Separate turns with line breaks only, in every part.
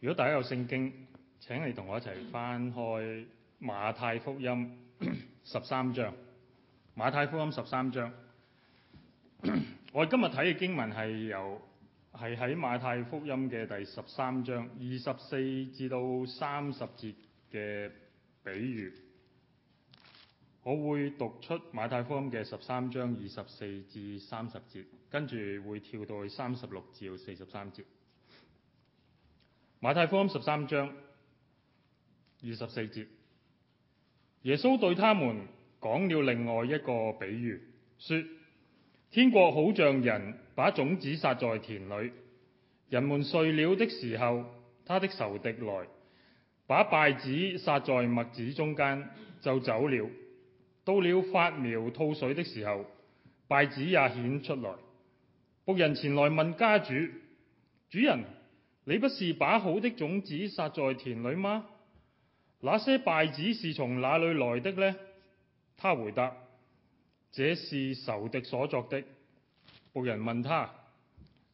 如果大家有聖經，請你同我一齊翻開馬太福音十三章。馬太福音十三章，我今日睇嘅經文係由係喺馬太福音嘅第十三章二十四至到三十節嘅比喻。我會讀出馬太福音嘅十三章二十四至三十節，跟住會跳到三十六至到四十三節。馬太福音十三章二十四節，耶穌對他們講了另外一個比喻，說：天國好像人把種子撒在田裏，人們睡了的時候，他的仇敵來把稗子撒在麥子中間，就走了。到了發苗吐穗的時候，稗子也顯出來。僕人前來問家主：主人。你不是把好的種子撒在田裏嗎？那些稗子是從哪裏來的呢？他回答：這是仇敵所作的。僕人問他：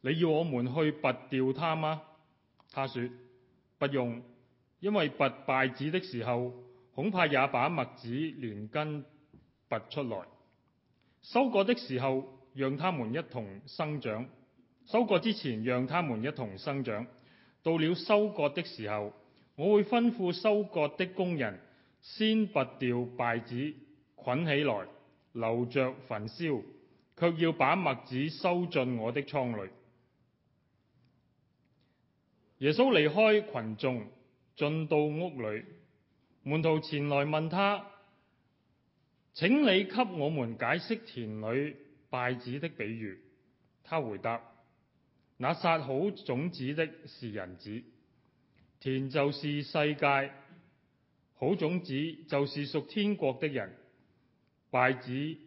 你要我們去拔掉它嗎？他說：不用，因為拔稗子的時候，恐怕也把麥子連根拔出來。收割的時候，讓它們一同生長。收割之前，讓它們一同生長。到了收割的時候，我會吩咐收割的工人先拔掉稗子，捆起來留着焚燒，卻要把麥子收進我的倉裏。耶穌離開群眾，進到屋裏，門徒前來問他：請你給我們解釋田裏稗子的比喻。他回答：那撒好種子的是人子，田就是世界，好種子就是屬天國的人，敗子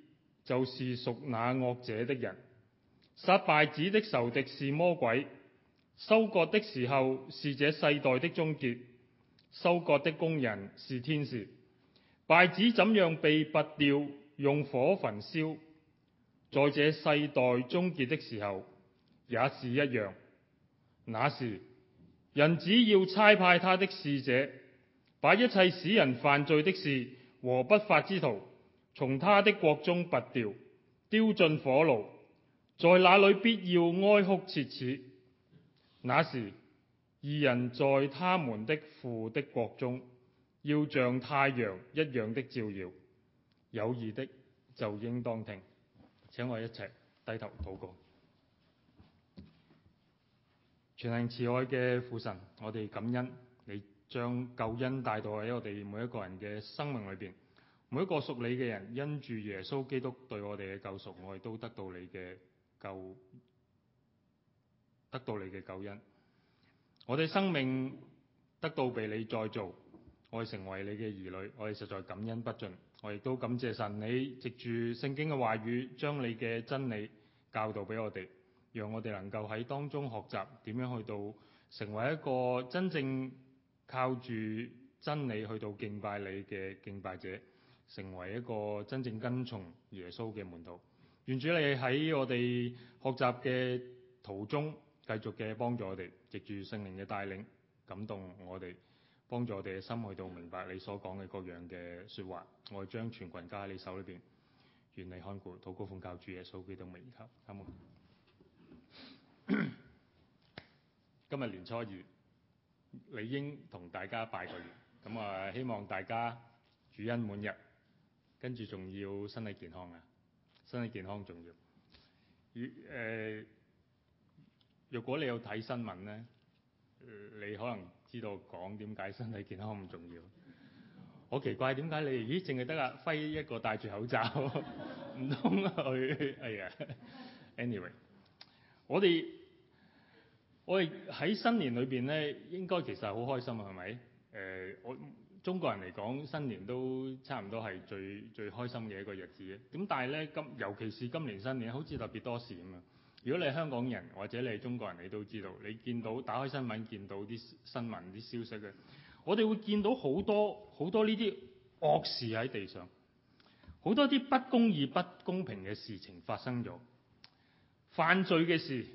就是屬那惡者的人。撒敗子的仇敵是魔鬼。收割的時候是這世代的終結，收割的工人是天使。敗子怎樣被拔掉，用火焚燒，在這世代終結的時候。也是一樣。那時，人只要差派他的使者，把一切使人犯罪的事和不法之徒，從他的國中拔掉，丟進火爐，在那裡必要哀哭切齒。那時，二人在他們的父的國中，要像太陽一樣的照耀。有義的就應當聽，請我一齊低頭禱告。全能慈愛嘅父神，我哋感恩你將救恩帶到喺我哋每一個人嘅生命裏邊。每一個屬你嘅人，因住耶穌基督對我哋嘅救贖，我哋都得到你嘅救，得到你嘅救恩。我哋生命得到被你再造，我哋成為你嘅兒女，我哋實在感恩不盡。我亦都感謝神你，你藉住聖經嘅話語，將你嘅真理教導俾我哋。讓我哋能夠喺當中學習點樣去到成為一個真正靠住真理去到敬拜你嘅敬拜者，成為一個真正跟從耶穌嘅門徒。願主你喺我哋學習嘅途中，繼續嘅幫助我哋，藉住聖靈嘅帶領，感動我哋，幫助我哋嘅心去到明白你所講嘅各樣嘅說話。我哋將全群交喺你手裏邊，願你看顧，禱告奉靠主耶穌基督嘅名求，阿 今日年初二，理應同大家拜個年，咁、嗯、啊，希望大家主恩滿日，跟住仲要身體健康啊！身體健康重要。呃、如誒，若果你有睇新聞咧、呃，你可能知道講點解身體健康咁重要。好奇怪，點解你咦？淨係得阿、啊、輝一個戴住口罩，唔通佢哎呀？Anyway，我哋。我哋喺新年裏邊咧，應該其實好開心，啊。係咪？誒，我中國人嚟講，新年都差唔多係最最開心嘅一個日子。咁但係咧，今尤其是今年新年，好似特別多事咁啊！如果你係香港人或者你係中國人，你都知道，你見到打開新聞見到啲新聞啲消息嘅，我哋會見到好多好多呢啲惡事喺地上，好多啲不公義、不公平嘅事情發生咗，犯罪嘅事。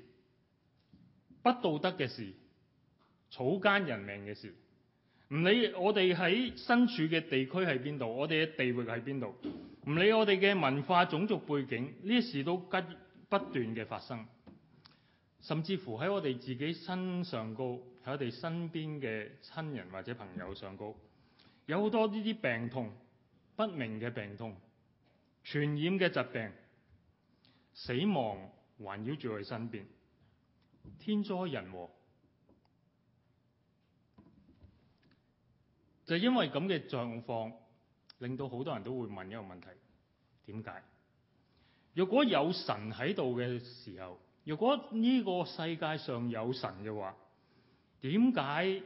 不道德嘅事、草菅人命嘅事，唔理我哋喺身處嘅地區喺邊度，我哋嘅地域喺邊度，唔理我哋嘅文化、種族背景，呢事都不斷嘅發生。甚至乎喺我哋自己身上高，喺我哋身邊嘅親人或者朋友上高，有好多呢啲病痛、不明嘅病痛、傳染嘅疾病、死亡環繞住我哋身邊。天災人禍，就因為咁嘅狀況，令到好多人都會問一個問題：點解？如果有神喺度嘅時候，如果呢個世界上有神嘅話，點解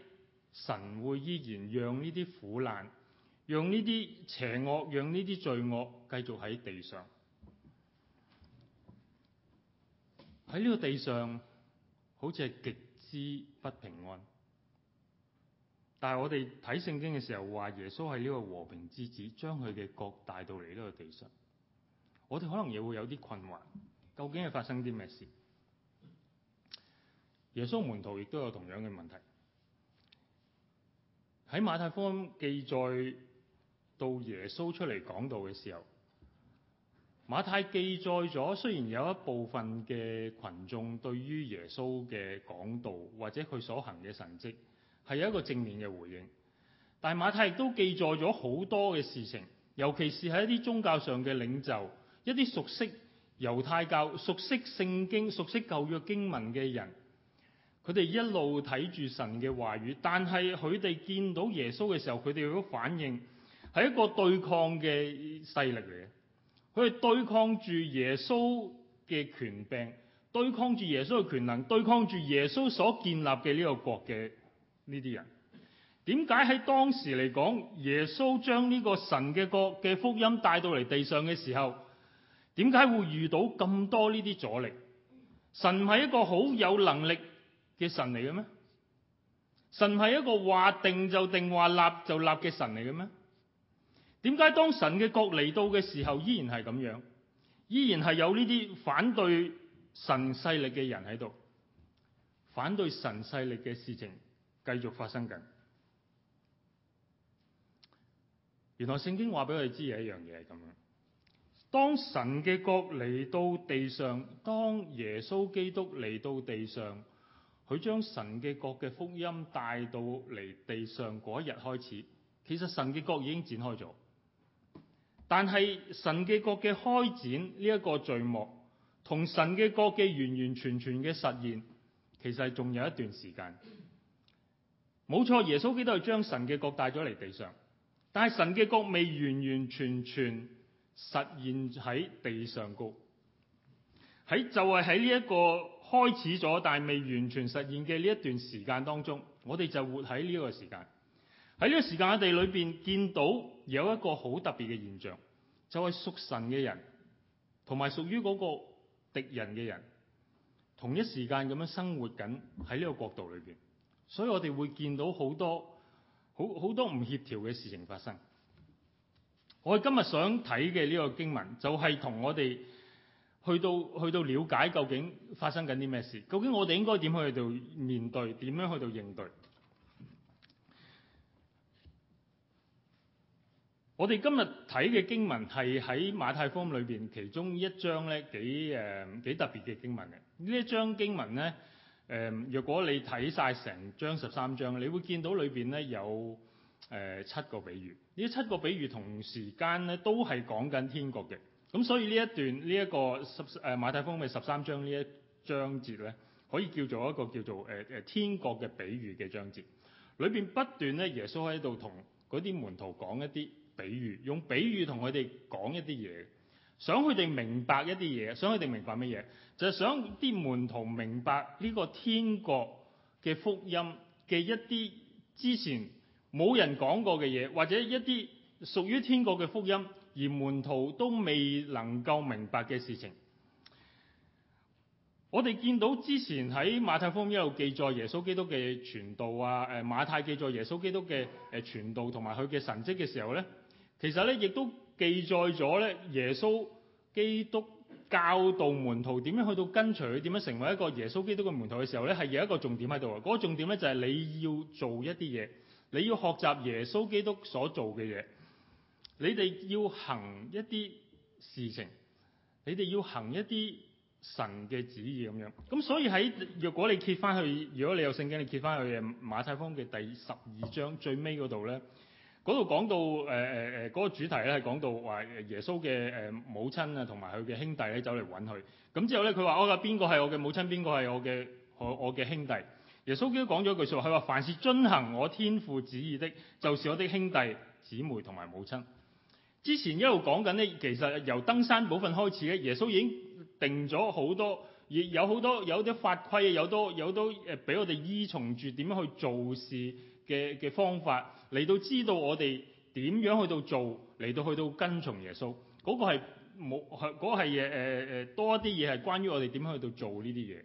神會依然讓呢啲苦難、讓呢啲邪惡、讓呢啲罪惡繼續喺地上？喺呢個地上。好似係極之不平安，但係我哋睇聖經嘅時候，話耶穌係呢個和平之子，將佢嘅國帶到嚟呢個地上。我哋可能也會有啲困惑，究竟係發生啲咩事？耶穌門徒亦都有同樣嘅問題。喺馬太福音記載到耶穌出嚟講道嘅時候。馬太記載咗，雖然有一部分嘅群眾對於耶穌嘅講道或者佢所行嘅神蹟係一個正面嘅回應，但係馬太亦都記載咗好多嘅事情，尤其是係一啲宗教上嘅領袖、一啲熟悉猶太教、熟悉聖經、熟悉舊約經文嘅人，佢哋一路睇住神嘅話語，但係佢哋見到耶穌嘅時候，佢哋嘅反應係一個對抗嘅勢力嚟嘅。佢哋對抗住耶穌嘅權柄，對抗住耶穌嘅權能，對抗住耶穌所建立嘅呢個國嘅呢啲人。點解喺當時嚟講，耶穌將呢個神嘅國嘅福音帶到嚟地上嘅時候，點解會遇到咁多呢啲阻力？神係一個好有能力嘅神嚟嘅咩？神係一個話定就定、話立就立嘅神嚟嘅咩？點解當神嘅國嚟到嘅時候，依然係咁樣，依然係有呢啲反對神勢力嘅人喺度，反對神勢力嘅事情繼續發生緊。原來聖經話俾佢哋知有一樣嘢係咁樣，當神嘅國嚟到地上，當耶穌基督嚟到地上，佢將神嘅國嘅福音帶到嚟地上嗰一日開始，其實神嘅國已經展開咗。但係神嘅國嘅開展呢一個序幕，同神嘅國嘅完完全全嘅實現，其實仲有一段時間。冇錯，耶穌基督係將神嘅國帶咗嚟地上，但係神嘅國未完完全全實現喺地上嘅。喺就係喺呢一個開始咗，但係未完全實現嘅呢一段時間當中，我哋就活喺呢個時間。喺呢個時間我哋裏邊見到有一個好特別嘅現象。就係屬神嘅人，同埋屬於嗰個敵人嘅人，同一時間咁樣生活緊喺呢個國度裏邊，所以我哋會見到好多好好多唔協調嘅事情發生。我哋今日想睇嘅呢個經文，就係同我哋去到去到了解究竟發生緊啲咩事，究竟我哋應該點去到面對，點樣去到應對。我哋今日睇嘅經文係喺馬太福音裏邊其中一章咧，幾誒、呃、幾特別嘅經文嘅呢一章經文咧誒、呃、若果你睇晒成章十三章，你會見到裏邊咧有誒、呃、七個比喻。呢七個比喻同時間咧都係講緊天國嘅。咁所以呢一段呢一、這個十誒、呃、馬太福音嘅十三章呢一章節咧，可以叫做一個叫做誒誒、呃、天國嘅比喻嘅章節。裏邊不斷咧耶穌喺度同嗰啲門徒講一啲。比喻用比喻同佢哋講一啲嘢，想佢哋明白一啲嘢，想佢哋明白乜嘢？就係想啲門徒明白呢個天國嘅福音嘅一啲之前冇人講過嘅嘢，或者一啲屬於天國嘅福音而門徒都未能夠明白嘅事情。我哋見到之前喺馬太福音一路記載耶穌基督嘅傳道啊，誒馬太記載耶穌基督嘅誒傳道同埋佢嘅神蹟嘅時候咧。其實咧，亦都記載咗咧，耶穌基督教導門徒點樣去到跟隨佢，點樣成為一個耶穌基督嘅門徒嘅時候咧，係有一個重點喺度啊！嗰個重點咧就係你要做一啲嘢，你要學習耶穌基督所做嘅嘢，你哋要行一啲事情，你哋要行一啲神嘅旨意咁樣。咁所以喺若果你揭翻去，如果你有聖經，你揭翻去馬太福音嘅第十二章最尾嗰度咧。嗰度講到誒誒誒嗰個主題咧，係講到話耶穌嘅誒母親啊同埋佢嘅兄弟咧走嚟揾佢，咁之後咧佢話：我嘅邊個係我嘅母親？邊個係我嘅我嘅兄弟？耶穌基督講咗一句說話，佢話：凡是遵行我天父旨意的，就是我的兄弟姊妹同埋母親。之前一路講緊咧，其實由登山寶訓開始咧，耶穌已經定咗好多，亦有好多有啲法規，有都有都誒俾我哋依從住點樣去做事嘅嘅方法嚟到知道我哋點樣去到做，嚟到去到跟從耶穌嗰個係冇，嗰個係誒誒誒多一啲嘢係關於我哋點樣去到做呢啲嘢。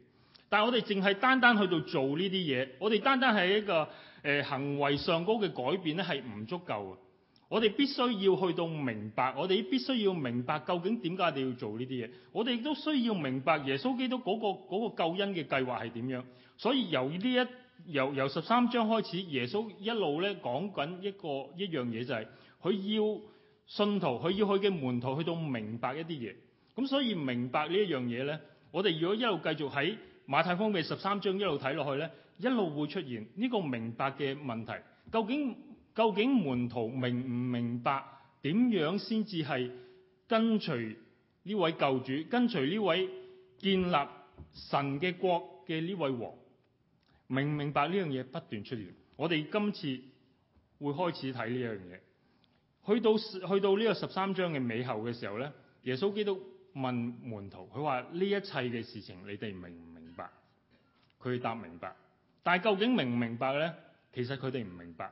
但係我哋淨係單單去到做呢啲嘢，我哋單單係一個誒行為上高嘅改變咧係唔足夠嘅。我哋必須要去到明白，我哋必須要明白究竟點解我哋要做呢啲嘢。我哋亦都需要明白耶穌基督嗰個嗰個救恩嘅計劃係點樣。所以由於呢一由由十三章開始，耶穌一路咧講緊一個一樣嘢，就是，就係佢要信徒，佢要佢嘅門徒去到明白一啲嘢。咁所以明白呢一樣嘢咧，我哋如果一路繼續喺馬太福音十三章一路睇落去咧，一路會出現呢個明白嘅問題。究竟究竟門徒明唔明白？點樣先至係跟隨呢位救主？跟隨呢位建立神嘅國嘅呢位王？明唔明白呢樣嘢，不斷出現，我哋今次會開始睇呢樣嘢。去到去到呢個十三章嘅尾後嘅時候咧，耶穌基督問門徒，佢話呢一切嘅事情你哋明唔明白？佢答明白，但係究竟明唔明白咧？其實佢哋唔明白，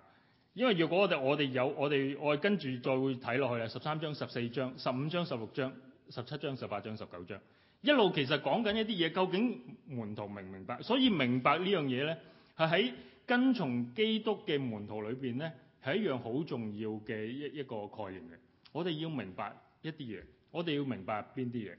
因為如果我哋我哋有我哋我跟住再會睇落去啊，十三章、十四章、十五章、十六章、十七章、十八章、十九章。一路其實講緊一啲嘢，究竟門徒明唔明白？所以明白呢樣嘢呢，係喺跟從基督嘅門徒裏邊呢，係一樣好重要嘅一一個概念嘅。我哋要明白一啲嘢，我哋要明白邊啲嘢，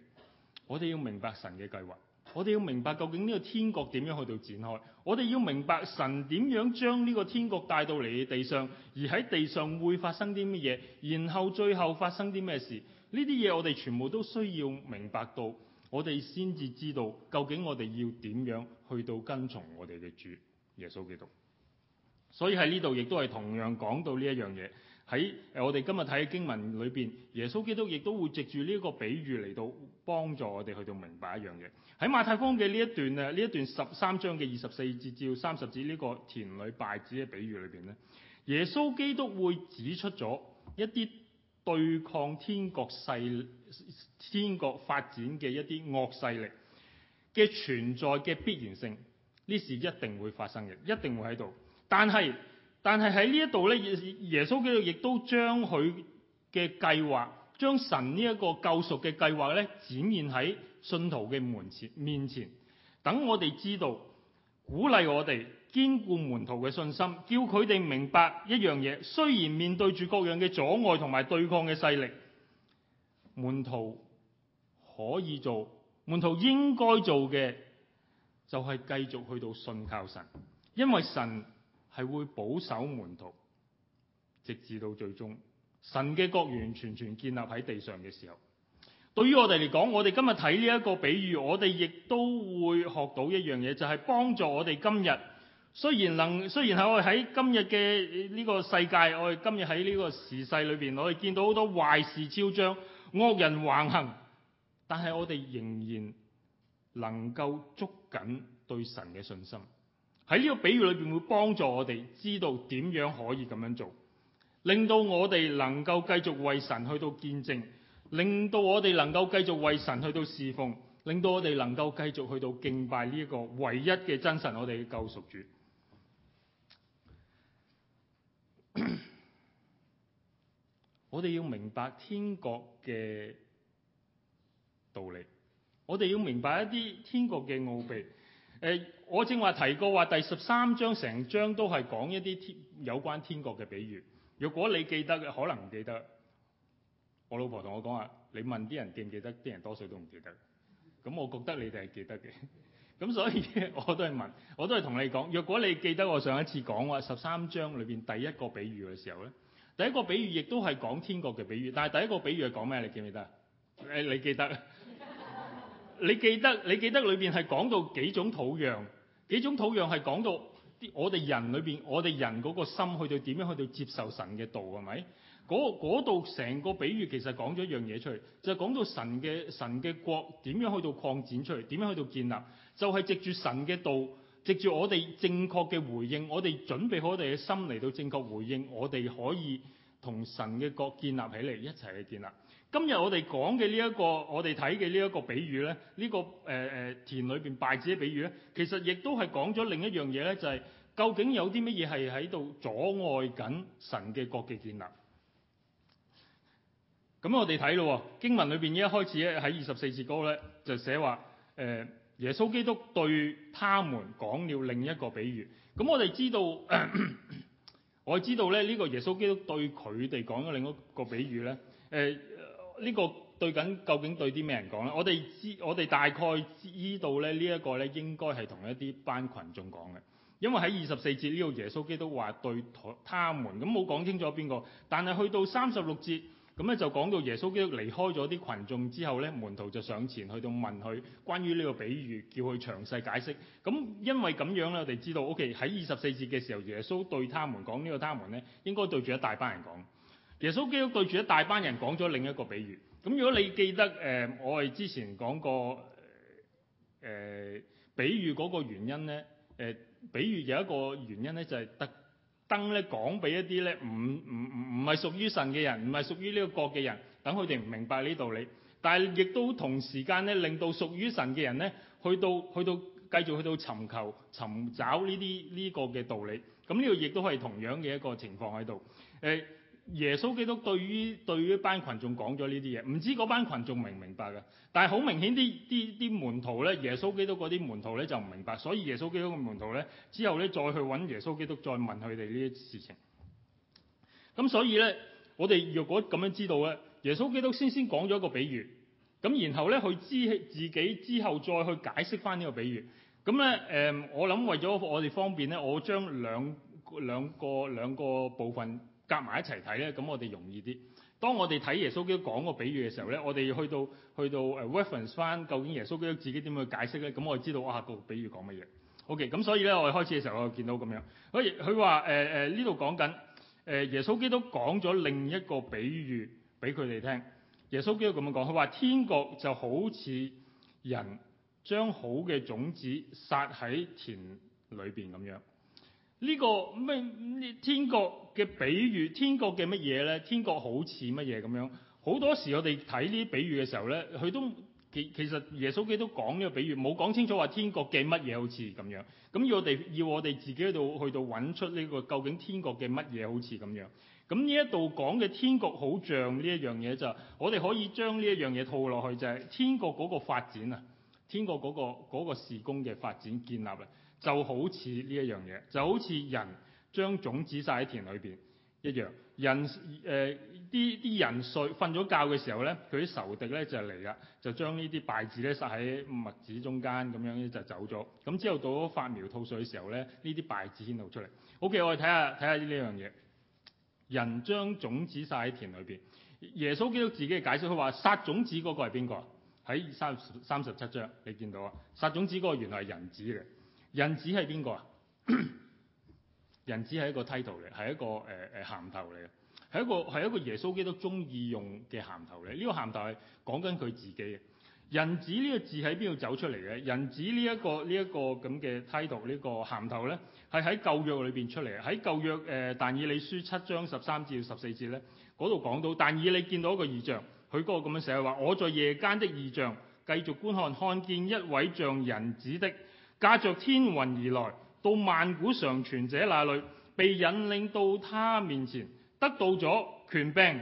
我哋要明白神嘅計劃，我哋要明白究竟呢個天國點樣去度展開，我哋要明白神點樣將呢個天國帶到嚟地上，而喺地上會發生啲乜嘢，然後最後發生啲咩事？呢啲嘢我哋全部都需要明白到。我哋先至知道究竟我哋要點樣去到跟從我哋嘅主耶穌基督。所以喺呢度亦都係同樣講到呢一樣嘢。喺誒我哋今日睇經文裏邊，耶穌基督亦都會藉住呢一個比喻嚟到幫助我哋去到明白一樣嘢。喺馬太福音嘅呢一段誒呢一段十三章嘅二十四節至到三十節呢個田裏稗子嘅比喻裏邊咧，耶穌基督會指出咗一啲對抗天國勢。天國發展嘅一啲惡勢力嘅存在嘅必然性，呢事一定會發生嘅，一定會喺度。但係但係喺呢一度咧，耶穌基督亦都將佢嘅計劃，將神呢一個救贖嘅計劃咧，展現喺信徒嘅門前面前，等我哋知道，鼓勵我哋堅固門徒嘅信心，叫佢哋明白一樣嘢：雖然面對住各樣嘅阻礙同埋對抗嘅勢力。門徒可以做，門徒應該做嘅就係繼續去到信靠神，因為神係會保守門徒，直至到最終神嘅國完完全全建立喺地上嘅時候。對於我哋嚟講，我哋今日睇呢一個比喻，我哋亦都會學到一樣嘢，就係、是、幫助我哋今日雖然能雖然係我哋喺今日嘅呢個世界，我哋今日喺呢個時勢裏邊，我哋見到好多壞事昭彰。惡人橫行，但係我哋仍然能夠捉緊對神嘅信心。喺呢個比喻裏邊，會幫助我哋知道點樣可以咁樣做，令到我哋能夠繼續為神去到見證，令到我哋能夠繼續為神去到侍奉，令到我哋能夠繼續去到敬拜呢一個唯一嘅真神，我哋嘅救贖主。 我哋要明白天國嘅道理，我哋要明白一啲天國嘅奧秘。誒、呃，我正話提過話，第十三章成章都係講一啲天有關天國嘅比喻。若果你記得嘅，可能唔記得。我老婆同我講話，你問啲人記唔記得，啲人多數都唔記得。咁我覺得你哋係記得嘅。咁所以我都係問，我都係同你講。若果你記得我上一次講話十三章裏邊第一個比喻嘅時候咧？第一個比喻亦都係講天國嘅比喻，但係第一個比喻係講咩？你記唔記得？誒，你記得？你記得？你記得？裏邊係講到幾種土壤？幾種土壤係講到啲我哋人裏邊，我哋人嗰個心去到點樣去到接受神嘅道係咪？嗰度成個比喻其實講咗一樣嘢出嚟，就係講到神嘅神嘅國點樣去到擴展出嚟，點樣去到建立，就係藉住神嘅道。藉住我哋正確嘅回應，我哋準備好我哋嘅心嚟到正確回應，我哋可以同神嘅國建立起嚟，一齊去建立。今日我哋講嘅呢一個，我哋睇嘅呢一個比喻咧，呢、這個誒誒、呃、田裏邊稗子嘅比喻咧，其實亦都係講咗另一樣嘢咧，就係、是、究竟有啲乜嘢係喺度阻礙緊神嘅國嘅建立？咁我哋睇咯，經文裏邊一開始咧喺二十四節嗰咧就寫話誒。呃耶穌基督對他們講了另一個比喻。咁我哋知道咳咳，我知道咧呢個耶穌基督對佢哋講咗另一個比喻咧。誒、呃，呢、呢個對緊究竟對啲咩人講咧？我哋知，我哋大概知道咧呢一個咧應該係同一啲班群眾講嘅，因為喺二十四節呢度耶穌基督話對他們，咁冇講清楚邊個。但係去到三十六節。咁咧就講到耶穌基督離開咗啲群眾之後咧，門徒就上前去到問佢關於呢個比喻，叫佢詳細解釋。咁因為咁樣咧，我哋知道，OK 喺二十四節嘅時候，耶穌對他們講呢個，他們咧應該對住一大班人講。耶穌基督對住一大班人講咗另一個比喻。咁如果你記得誒、呃，我哋之前講過誒、呃、比喻嗰個原因咧，誒、呃、比喻有一個原因咧就係、是、得。燈咧講俾一啲咧唔唔唔唔係屬於神嘅人，唔係屬於呢個國嘅人，等佢哋唔明白呢道理。但係亦都同時間咧，令到屬於神嘅人咧，去到去到繼續去到尋求尋找呢啲呢個嘅道理。咁呢個亦都係同樣嘅一個情況喺度。誒、欸。耶穌基督對於對於一班群眾講咗呢啲嘢，唔知嗰班群眾明唔明白噶？但係好明顯啲啲啲門徒咧，耶穌基督嗰啲門徒咧就唔明白，所以耶穌基督嘅門徒咧之後咧再去揾耶穌基督，再問佢哋呢啲事情。咁所以咧，我哋若果咁樣知道咧，耶穌基督先先講咗一個比喻，咁然後咧佢之自己之後再去解釋翻呢個比喻。咁咧，誒、呃，我諗為咗我哋方便咧，我將兩兩個兩個部分。夾埋一齊睇咧，咁我哋容易啲。當我哋睇耶穌基督講個比喻嘅時候咧，我哋去到去到誒 reference 翻究竟耶穌基督自己點去解釋咧，咁我哋知道啊個比喻講乜嘢。OK，咁所以咧我哋開始嘅時候，我哋見到咁樣。所以佢話誒誒呢度講緊誒耶穌基督講咗另一個比喻俾佢哋聽。耶穌基督咁樣講，佢話天國就好似人將好嘅種子撒喺田裏邊咁樣。呢、個咩？天國嘅比喻，天國嘅乜嘢呢？天國好似乜嘢咁樣？好多時我哋睇呢啲比喻嘅時候呢，佢都其其實耶穌基都講呢個比喻，冇講清楚話天國嘅乜嘢好似咁樣。咁我哋要我哋自己喺度去到揾出呢、個究竟天國嘅乜嘢好似咁樣。咁呢一度講嘅天國好像呢一樣嘢就，我哋可以將呢一樣嘢套落去就係天國嗰個發展啊，天國嗰個嗰個事工嘅發展建立嚟。就好似呢一樣嘢，就好似人將種子撒喺田裏邊一樣。人誒啲啲人睡瞓咗覺嘅時候咧，佢啲仇敵咧就嚟啦，就將呢啲稗子咧撒喺麥子中間咁樣咧就走咗。咁之後到咗發苗吐穗嘅時候咧，呢啲稗子先露出嚟。OK，我哋睇下睇下呢樣嘢。人將種子撒喺田裏邊，耶穌基督自己嘅解釋，佢話撒種子嗰個係邊個？喺三十三十七章你見到啊？撒種子嗰個原來係人子嘅。人子係邊個啊？ 人子係一個 title 嚟，係一個誒誒銜頭嚟，係一個係一個耶穌基督鍾意用嘅銜頭嚟。呢、這個銜頭係講緊佢自己嘅。人子呢個字喺邊度走出嚟嘅？人子、這個這個這個、title，呢一個呢一個咁嘅 title 呢個銜頭咧，係喺舊約裏邊出嚟嘅。喺舊約誒、呃、但以理書七章十三至十四節咧，嗰度講到但以理見到一個異象，佢嗰個咁樣寫話：我在夜間的異象繼續觀看，看見一位像人子的。駕着天雲而來，到萬古常存者那裏，被引領到他面前，得到咗權柄、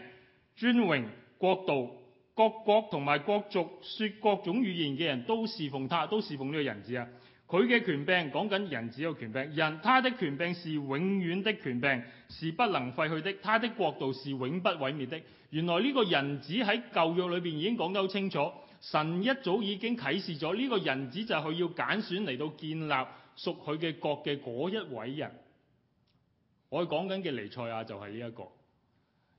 尊榮、國度、各國同埋各族說各種語言嘅人都侍奉他，都侍奉呢個人子啊！佢嘅權柄講緊人子嘅權柄，人他的權柄是永遠的權柄，是不能廢去的；他的國度是永不毀滅的。原來呢個人子喺舊約裏邊已經講得好清楚。神一早已經啟示咗呢個人子，就係佢要揀選嚟到建立屬佢嘅國嘅嗰一位人。我講緊嘅尼賽亞就係呢一個，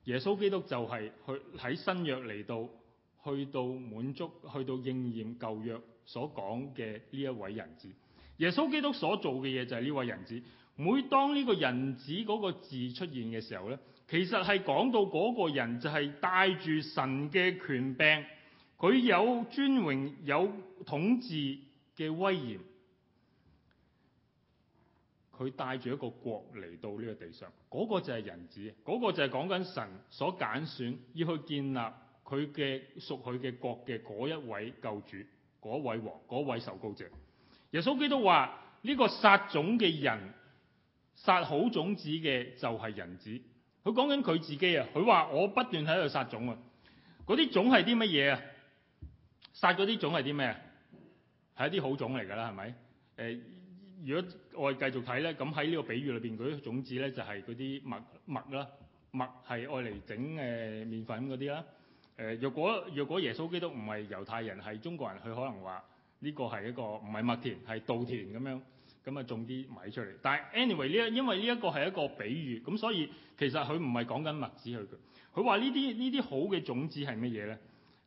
耶穌基督就係去喺新約嚟到去到滿足去到應驗舊約所講嘅呢一位人子。耶穌基督所做嘅嘢就係呢位人子。每當呢個人子嗰個字出現嘅時候咧，其實係講到嗰個人就係帶住神嘅權柄。佢有尊榮、有統治嘅威嚴，佢帶住一個國嚟到呢個地上，嗰個就係人子，嗰個就係講緊神所揀選要去建立佢嘅屬佢嘅國嘅嗰一位救主、嗰位王、嗰位受膏者。耶穌基督話：呢個撒種嘅人，撒好種子嘅就係人子。佢講緊佢自己啊，佢話我不斷喺度撒種啊，嗰啲種係啲乜嘢啊？殺咗啲種係啲咩啊？係一啲好種嚟㗎啦，係咪？誒、呃，如果我哋繼續睇咧，咁喺呢個比喻裏邊，嗰啲種子咧就係嗰啲麥麥啦，麥係愛嚟整誒麵粉嗰啲啦。誒、呃，若果若果耶穌基督唔係猶太人，係中國人，佢可能話呢個係一個唔係麥田，係稻田咁樣，咁啊種啲米出嚟。但係 anyway 呢，因為呢一個係一個比喻，咁所以其實佢唔係講緊麥子去。佢話呢啲呢啲好嘅種子係乜嘢咧？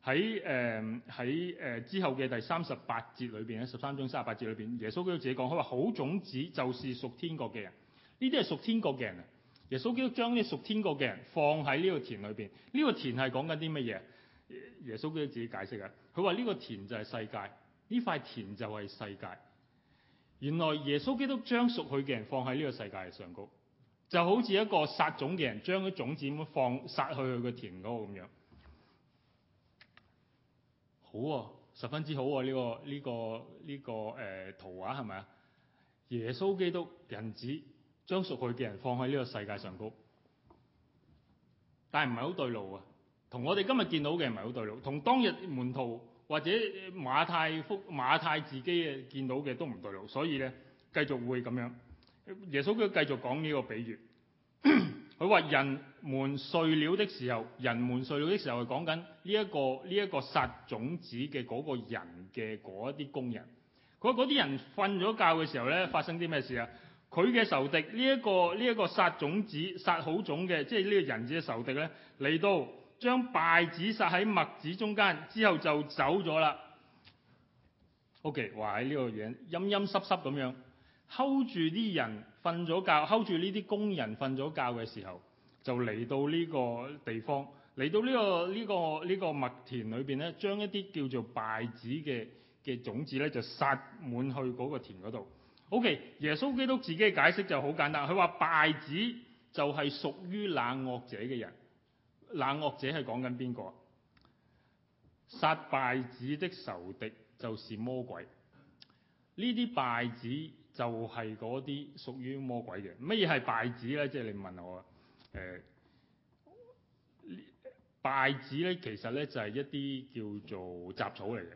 喺誒喺誒之後嘅第三十八節裏邊，喺十三章三十八節裏邊，耶穌基督自己講，佢話好種子就是屬天國嘅人，呢啲係屬天國嘅人。耶穌基督將呢屬天國嘅人放喺呢個田裏邊。呢、呢個田係講緊啲乜嘢？耶穌基督自己解釋啊，佢話呢個田就係世界，呢塊田就係世界。原來耶穌基督將屬佢嘅人放喺呢個世界上高，就好似一個撒種嘅人將啲種子咁放撒去佢個田嗰個咁樣。好喎、啊，十分之好啊，呢、這個呢、這個呢、這個誒、呃、圖畫係咪啊？耶穌基督人子將屬佢嘅人放喺呢個世界上高，但係唔係好對路啊！同我哋今日見到嘅唔係好對路，同當日門徒或者馬太福馬太自己嘅見到嘅都唔對路，所以咧繼續會咁樣。耶穌佢繼續講呢個比喻，佢話 人。人睡了的時候，人們睡了的時候、呢個，係講緊呢一個呢一個撒種子嘅嗰個人嘅嗰一啲工人。嗰啲人瞓咗覺嘅時候咧，發生啲咩事啊？佢嘅仇敵呢一、呢個呢一、呢個撒種子、撒好種嘅，即係呢個人子嘅仇敵咧嚟到將稗子撒喺麥子中間，之後就走咗啦。O.K.，哇！喺、呢、呢個嘢陰陰濕濕咁樣睺住啲人瞓咗覺，睺住呢啲工人瞓咗覺嘅時候。就嚟到呢個地方，嚟到呢個呢個呢個麥田裏邊咧，將一啲叫做稗子嘅嘅種子咧，就撒滿去嗰個田嗰度。O.K. 耶穌基督自己嘅解釋就好簡單，佢話稗子就係屬於冷惡者嘅人。冷惡者係講緊邊個？撒稗子的仇敵就是魔鬼。呢啲稗子就係嗰啲屬於魔鬼嘅。乜嘢係稗子咧？即係你問我。誒稗、嗯、子咧，其實咧就係一啲叫做雜草嚟嘅。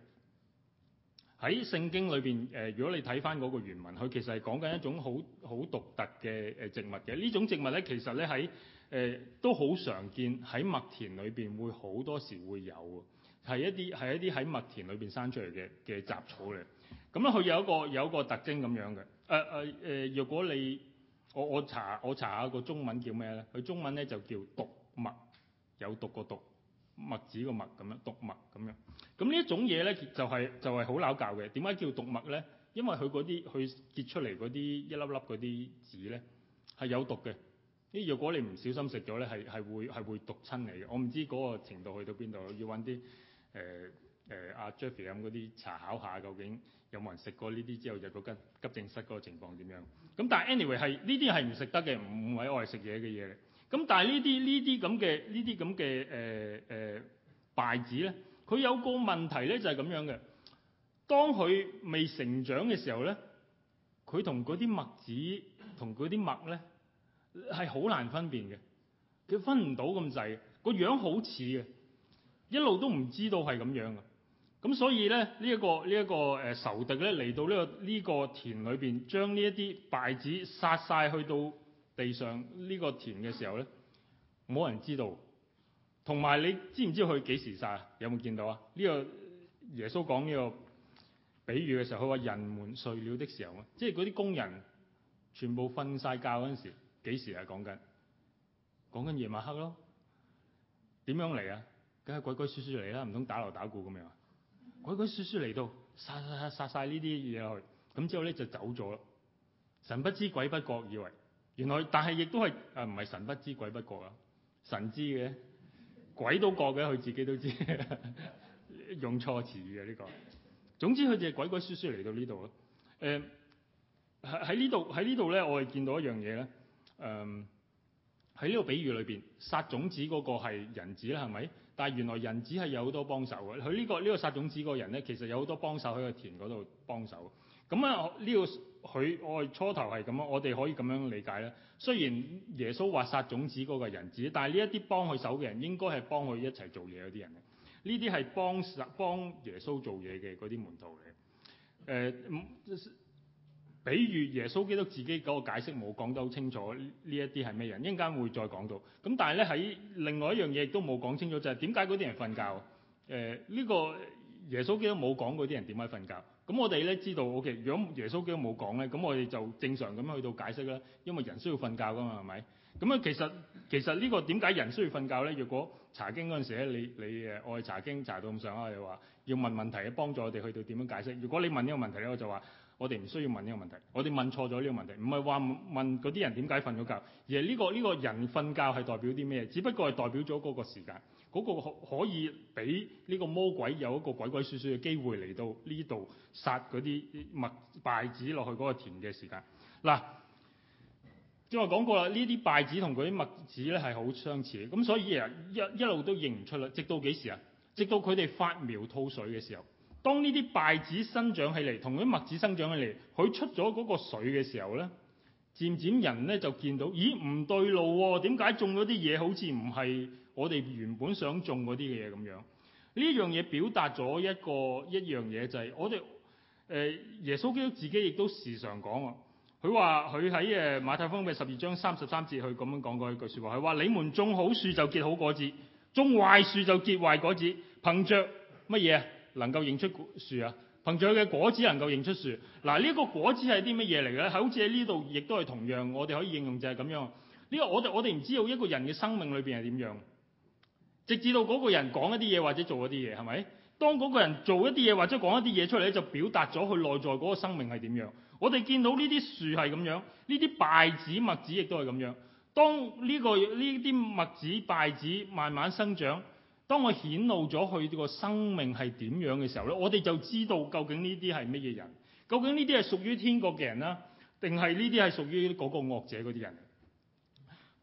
喺聖經裏邊，誒如果你睇返嗰個原文，佢其實係講緊一種好好獨特嘅誒植物嘅。呢種植物咧，其實咧喺誒都好常見喺麥田裏邊，會好多時會有喎。係一啲係一啲喺麥田裏邊生出嚟嘅嘅雜草嚟。咁、嗯、咧，佢有一個有一個特徵咁樣嘅。誒誒誒，若、呃呃、果你我我查我查下個中文叫咩咧？佢中文咧就叫毒麥，有毒個毒，麥子個麥咁樣，毒麥咁樣。咁呢一種嘢咧，就係、係、就係好撈教嘅。點解叫毒麥咧？因為佢嗰啲佢結出嚟嗰啲一粒粒嗰啲籽咧係有毒嘅。啲若果你唔小心食咗咧，係係會係會毒親你嘅。我唔知嗰個程度去到邊度，要揾啲誒。呃誒阿、呃啊、Jeffrey 飲啲查考下，究竟有冇人食過呢啲之後入個急急症室個情況點樣，咁但係 anyway 係呢啲係唔食得嘅，唔係愛食嘢嘅嘢。咁但係呢啲呢啲咁嘅呢啲咁嘅誒誒稗子咧，佢有個問題咧就係、是、咁樣嘅。當佢未成長嘅時候咧，佢同嗰啲麥子同嗰啲麥咧係好難分辨嘅，佢分唔到咁滯，個樣好似嘅，一路都唔知道係咁樣嘅。咁所以咧，呢一個呢一個誒仇敵咧嚟，到呢個呢個田裏邊，將呢一啲稗子殺晒去到地上呢個田嘅時候咧，冇人知道。同埋你知唔知佢幾時殺啊？有冇見到啊？呢個耶穌講呢個比喻嘅時候，佢話人們睡了的時候，啊，即係啲工人全部瞓晒覺陣時幾時啊？講緊講緊夜晚黑咯。點樣嚟啊？梗係鬼鬼祟祟嚟啦，唔通打鑼打鼓咁樣？鬼鬼祟祟嚟到，殺殺殺晒呢啲嘢去，咁之後咧就走咗，神不知鬼不覺，以為原來，但係亦都係誒唔係神不知鬼不覺啊？神知嘅，鬼都覺嘅，佢自己都知， 用錯詞語啊呢個。總之佢哋係鬼鬼祟祟嚟到，呃、呢度咯。誒喺呢度喺呢度咧，我哋見到一樣嘢咧。誒喺呢個比喻裏邊，殺種子嗰個係人子啦，係咪？但係原來人子係有好多幫手嘅，佢呢個呢個撒種子嗰個人咧，其實有好多幫手喺個田嗰度幫手。咁啊呢個佢我哋初頭係咁啊，我哋可以咁樣理解啦。雖然耶穌話撒種子嗰個人子，但係呢一啲幫佢手嘅人，應該係幫佢一齊做嘢嗰啲人。呢啲係幫幫耶穌做嘢嘅嗰啲門徒嚟嘅。呃，嗯。比喻耶穌基督自己嗰個解釋冇講得好清楚，呢一啲係咩人？一陣間會再講到。咁但係咧喺另外一樣嘢亦都冇講清楚，就係點解嗰啲人瞓覺？誒、呃、呢、呢個耶穌基督冇講嗰啲人點解瞓覺？咁我哋咧知道，OK。如果耶穌基督冇講咧，咁我哋就正常咁樣去到解釋啦。因為人需要瞓覺㗎嘛，係咪？咁啊，其實其實呢個點解人需要瞓覺咧？如果查經嗰陣時咧，你你誒愛查經查到咁上下，我又話要問問題幫助我哋去到點樣解釋。如果你問呢個問題咧，我就話。我哋唔需要問呢個問題，我哋問錯咗呢個問題，唔係話問嗰啲人點解瞓咗覺，而係呢個呢個人瞓覺係代表啲咩？只不過係代表咗嗰個時間，嗰個可可以俾呢個魔鬼有一個鬼鬼祟祟嘅機會嚟到呢度殺嗰啲麥稗子落去嗰個田嘅時間。嗱，正話講過啦，呢啲稗子同嗰啲麥子咧係好相似，咁所以人一一,一路都認唔出啦。直到幾時啊？直到佢哋發苗吐水嘅時候。當呢啲稗子生長起嚟，同啲麥子生長起嚟，佢出咗嗰個水嘅時候咧，漸漸人咧就見到，咦唔對路喎、哦？點解種咗啲嘢好似唔係我哋原本想種嗰啲嘅嘢咁樣？呢樣嘢表達咗一個一樣嘢，就係、是、我哋誒耶穌基督自己亦都時常講喎。佢話佢喺誒馬太福音嘅十二章三十三節，佢咁樣講過一句説話，佢話：你們種好樹就結好果子，種壞樹就結壞果子，憑着乜嘢？能夠認出樹啊，憑住佢嘅果子能夠認出樹。嗱，呢一個果子係啲乜嘢嚟咧？好似喺呢度，亦都係同樣，我哋可以應用就係咁樣。呢個我哋我哋唔知道一個人嘅生命裏邊係點樣，直至到嗰個人講一啲嘢或者做一啲嘢，係咪？當嗰個人做一啲嘢或者講一啲嘢出嚟咧，就表達咗佢內在嗰個生命係點樣。我哋見到呢啲樹係咁樣，呢啲稗子麥子亦都係咁樣。當呢個呢啲麥子稗子慢慢生長。當我顯露咗佢個生命係點樣嘅時候咧，我哋就知道究竟呢啲係乜嘢人，究竟呢啲係屬於天國嘅人啦，定係呢啲係屬於嗰個惡者嗰啲人？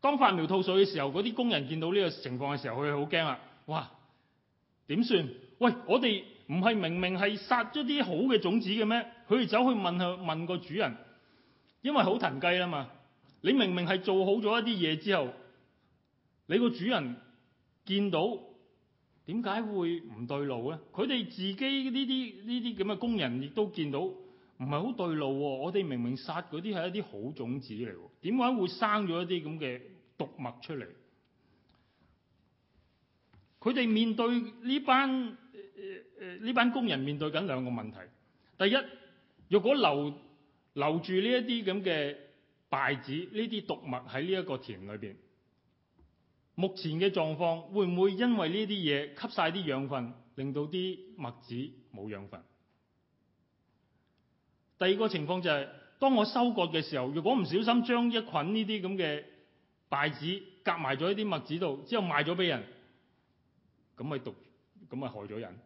當發苗吐穗嘅時候，嗰啲工人見到呢個情況嘅時候，佢哋好驚啊！哇，點算？喂，我哋唔係明明係殺咗啲好嘅種子嘅咩？佢哋走去問佢問個主人，因為好騰雞啦嘛。你明明係做好咗一啲嘢之後，你個主人見到。點解會唔對路咧？佢哋自己呢啲呢啲咁嘅工人亦都見到唔係好對路喎、哦。我哋明明撒嗰啲係一啲好種子嚟，點解會生咗一啲咁嘅毒物出嚟？佢哋面對呢班呃、呃、呢班工人面對緊兩個問題。第一，若果留留住呢一啲咁嘅稗子，呢啲毒物喺呢一個田裏邊。目前嘅狀況會唔會因為呢啲嘢吸晒啲養分，令到啲麥子冇養分？第二個情況就係、是，當我收割嘅時候，如果唔小心將一捆呢啲咁嘅稗子夾埋咗喺啲麥子度，之後賣咗俾人，咁咪毒，咁咪害咗人。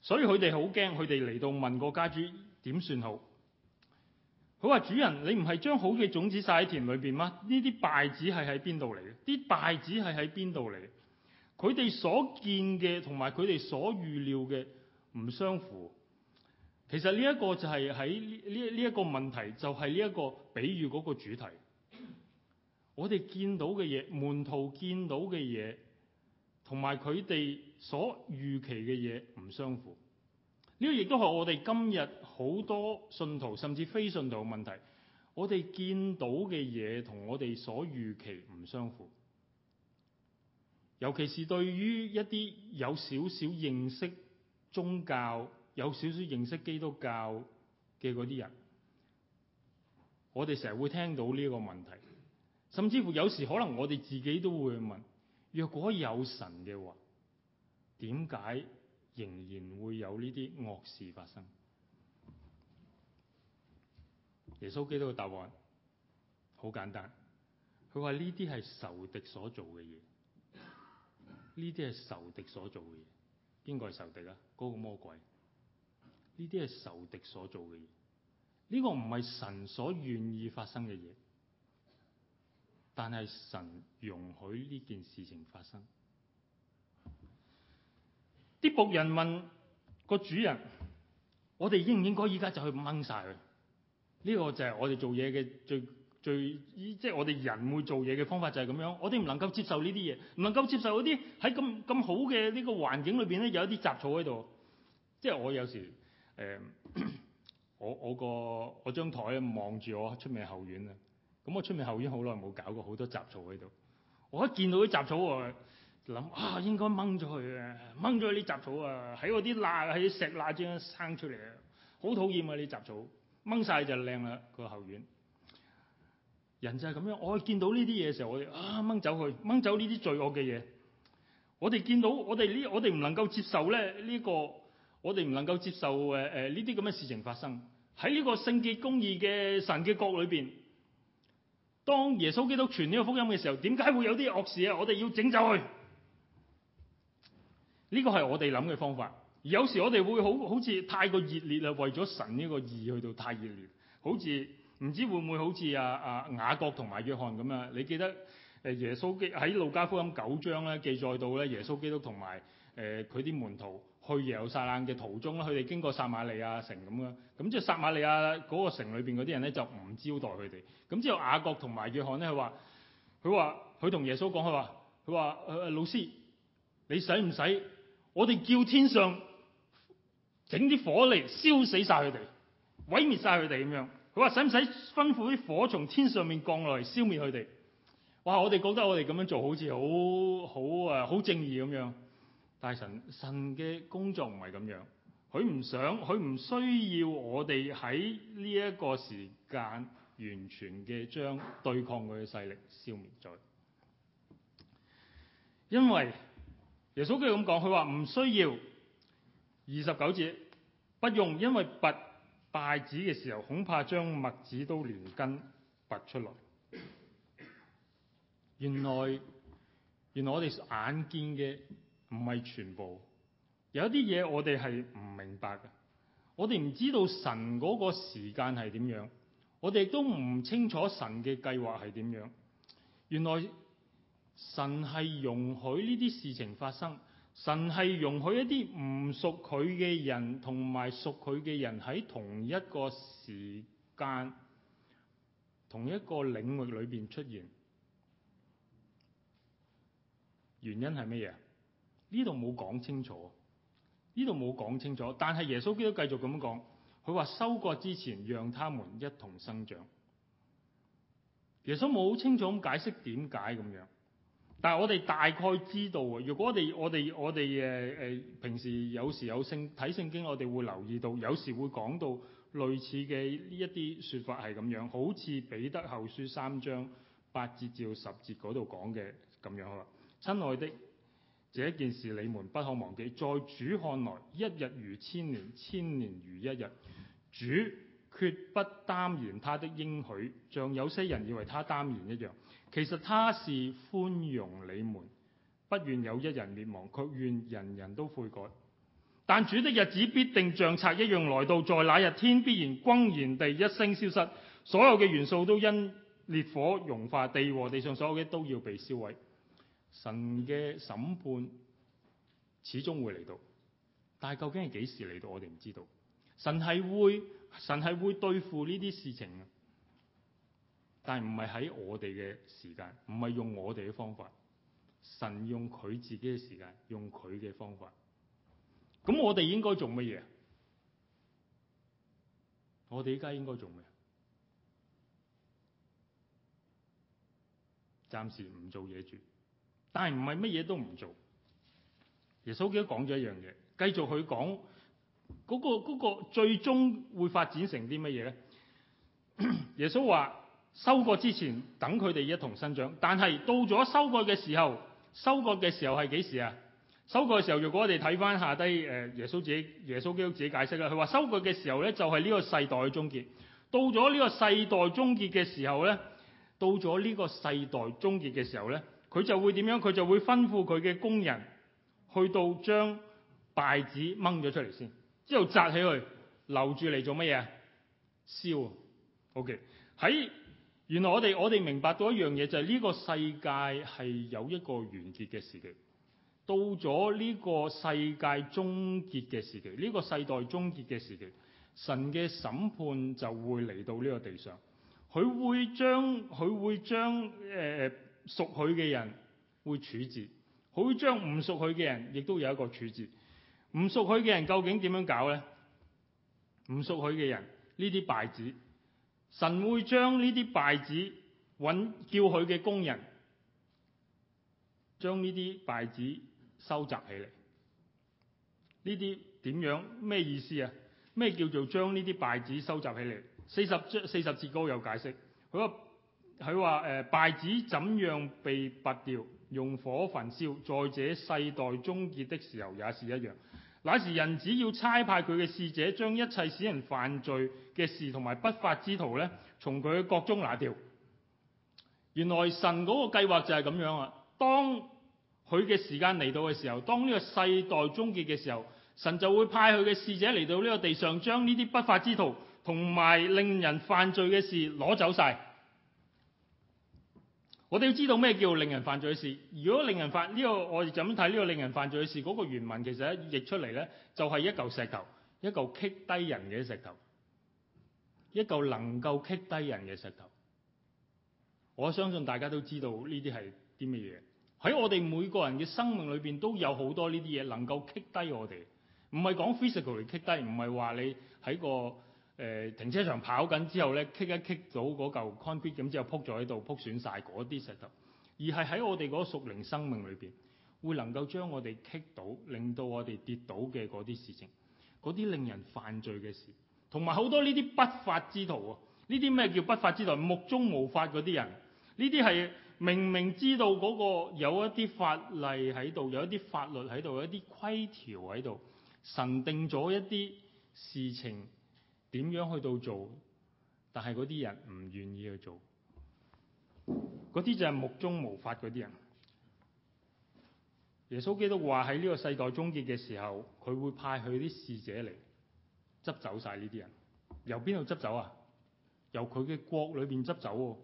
所以佢哋好驚，佢哋嚟到問個家主點算好？佢話：主人，你唔係將好嘅種子撒喺田裏邊嗎？呢啲稗子係喺邊度嚟嘅？啲稗子係喺邊度嚟？佢哋所見嘅同埋佢哋所預料嘅唔相符。其實呢一個就係喺呢呢一個問題，就係呢一個比喻嗰個主題。我哋見到嘅嘢，門徒見到嘅嘢，同埋佢哋所預期嘅嘢唔相符。呢個亦都係我哋今日好多信徒，甚至非信徒嘅問題。我哋見到嘅嘢同我哋所預期唔相符，尤其是對於一啲有少少認識宗教、有少少認識基督教嘅嗰啲人，我哋成日會聽到呢個問題。甚至乎有時可能我哋自己都會問：若果有神嘅話，點解？仍然會有呢啲惡事發生。耶穌基督嘅答案好簡單，佢話呢啲係仇敵所做嘅嘢，呢啲係仇敵所做嘅嘢。邊個係仇敵啊？嗰個魔鬼。呢啲係仇敵所做嘅嘢。呢個唔係神所願意發生嘅嘢，但係神容許呢件事情發生。啲僕人問個主人：我哋應唔應該依家就去掹晒佢？呢個就係我哋做嘢嘅最最，即係我哋人會做嘢嘅方法就係咁樣。我哋唔能夠接受呢啲嘢，唔能夠接受嗰啲喺咁咁好嘅呢個環境裏邊咧有一啲雜草喺度。即係我有時誒、呃，我我個我張台望住我出面後院啊。咁我出面後院好耐冇搞過，好多雜草喺度。我一見到啲雜草啊！諗啊，應該掹咗佢啊，掹咗啲雜草啊，喺我啲罅，喺石罅之間生出嚟啊，好討厭啊！呢雜草掹晒就靚啦個後院。人就係咁樣，我見到呢啲嘢嘅時候，我哋啊掹走佢，掹走呢啲罪惡嘅嘢。我哋見到我哋呢，我哋唔能夠接受咧呢個，我哋唔能夠接受誒誒呢啲咁嘅事情發生喺呢個聖潔公義嘅神嘅國裏邊。當耶穌基督傳呢個福音嘅時候，點解會有啲惡事啊？我哋要整走佢。呢個係我哋諗嘅方法，有時我哋會好好似太過熱烈啦，為咗神呢個義去到太熱烈，好似唔知會唔會好似阿阿雅各同埋約翰咁啊？你記得誒耶穌喺《路加福音》九章咧記載到咧，耶穌基督同埋誒佢啲門徒去耶路撒冷嘅途中咧，佢哋經過撒瑪利亞城咁啦，咁即係撒瑪利亞嗰個城裏邊嗰啲人咧就唔招待佢哋，咁之後雅各同埋約翰咧佢話，佢話佢同耶穌講，佢話佢話誒老師，你使唔使？我哋叫天上整啲火嚟燒死晒佢哋，毀滅晒佢哋咁樣。佢話使唔使吩咐啲火從天上面降落嚟消滅佢哋？哇！我哋覺得我哋咁樣做好似好好啊，好正義咁樣。但係神神嘅工作唔係咁樣，佢唔想，佢唔需要我哋喺呢一個時間完全嘅將對抗佢嘅勢力消滅咗，因為。耶穌佢咁講，佢話唔需要二十九節，不用，因為拔稗子嘅時候，恐怕將麥子都連根拔出來。原來原來我哋眼見嘅唔係全部，有一啲嘢我哋係唔明白嘅，我哋唔知道神嗰個時間係點樣，我哋亦都唔清楚神嘅計劃係點樣。原來。神係容許呢啲事情發生，神係容許一啲唔屬佢嘅人同埋屬佢嘅人喺同一個時間、同一個領域裏邊出現，原因係乜嘢？呢度冇講清楚，呢度冇講清楚。但係耶穌基督繼續咁講，佢話收割之前，讓他們一同生長。耶穌冇好清楚咁解釋點解咁樣。但係我哋大概知道啊，如果我哋我哋我哋誒誒平時有時有聖睇聖經，我哋會留意到有時會講到類似嘅一啲說法係咁樣，好似彼得後書三章八節至十節嗰度講嘅咁樣，好啦。親愛的，這一件事你們不可忘記，在主看來，一日如千年，千年如一日，主決不耽延他的應許，像有些人以為他耽延一樣。其實他是寬容你們，不願有一人滅亡，卻願人人都悔改。但主的日子必定像賊一樣來到，在那日天必然轟然地一聲消失，所有嘅元素都因烈火融化，地和地上所有嘅都要被燒毀。神嘅審判始終會嚟到，但究竟係幾時嚟到，我哋唔知道。神係會，神係會對付呢啲事情。但係唔係喺我哋嘅時間，唔係用我哋嘅方法，神用佢自己嘅時間，用佢嘅方法。咁我哋應該做乜嘢？我哋依家應該做咩？暫時唔做嘢住，但係唔係乜嘢都唔做。耶穌基督講咗一樣嘢，繼續去講嗰、嗰個、嗰個最終會發展成啲乜嘢咧？耶穌話。收割之前等佢哋一同生長，但係到咗收割嘅時候，收割嘅時候係幾時啊？收割嘅時候，如果我哋睇翻下低，誒，耶穌自己、耶穌基督自己解釋啦，佢話收割嘅時候咧，就係呢個世代嘅終結。到咗呢個世代終結嘅時候咧，到咗呢個世代終結嘅時候咧，佢就會點樣？佢就會吩咐佢嘅工人去到將稗子掹咗出嚟先，之後紮起佢，留住嚟做乜嘢？啊燒。OK，喺。原來我哋我哋明白到一樣嘢，就係呢個世界係有一個完結嘅時期。到咗呢個世界終結嘅時期，呢個世代終結嘅時期，神嘅審判就會嚟到呢個地上。佢會將，佢會將誒，屬佢嘅人會處置，佢會將唔屬佢嘅人亦都有一個處置。唔屬佢嘅人究竟點樣搞呢？唔屬佢嘅人呢啲稗子。神會將呢啲稗子揾，叫佢嘅工人將呢啲稗子收集起嚟。呢啲點樣？咩意思啊？咩叫做將呢啲稗子收集起嚟？四十章四十節歌有解釋。佢話佢話誒，稗子怎樣被拔掉？用火焚燒。在這世代終結的時候也是一樣。那時人子要差派佢嘅使者，將一切使人犯罪嘅事同埋不法之徒咧，從佢國中拿掉。原來神嗰個計劃就係咁樣啊！當佢嘅時間嚟到嘅時候，當呢個世代終結嘅時候，神就會派佢嘅使者嚟到呢個地上，將呢啲不法之徒同埋令人犯罪嘅事攞走晒。我哋要知道咩叫令人犯罪嘅事。如果令人犯呢、這個我哋就咁睇呢個令人犯罪嘅事，嗰、那個原文其實咧譯出嚟咧，就係、是、一舊石頭，一舊擊低人嘅石頭，一舊能夠擊低人嘅石頭，我相信大家都知道呢啲係啲乜嘢。喺我哋每個人嘅生命裏邊都有好多呢啲嘢能夠擊低我哋，唔係講 physically 擊低，唔係話你喺個。誒、呃、停車場跑緊之後呢 kick 一 kick 到嗰嚿 concrete 咁，之後撲咗喺度，撲損晒嗰啲石頭。而係喺我哋嗰個屬靈生命裏邊，會能夠將我哋 kick 到，令到我哋跌倒嘅嗰啲事情，嗰啲令人犯罪嘅事，同埋好多呢啲不法之徒啊，呢啲咩叫不法之徒？目中無法嗰啲人，呢啲係明明知道嗰、那個有一啲法例喺度，有一啲法律喺度，有一啲規條喺度，神定咗一啲事情。點樣去到做？但係嗰啲人唔願意去做，嗰啲就係目中無法嗰啲人。耶穌基督話喺呢個世代終結嘅時候，佢會派佢啲使者嚟執走晒呢啲人。由邊度執走啊？由佢嘅國裏邊執走、啊。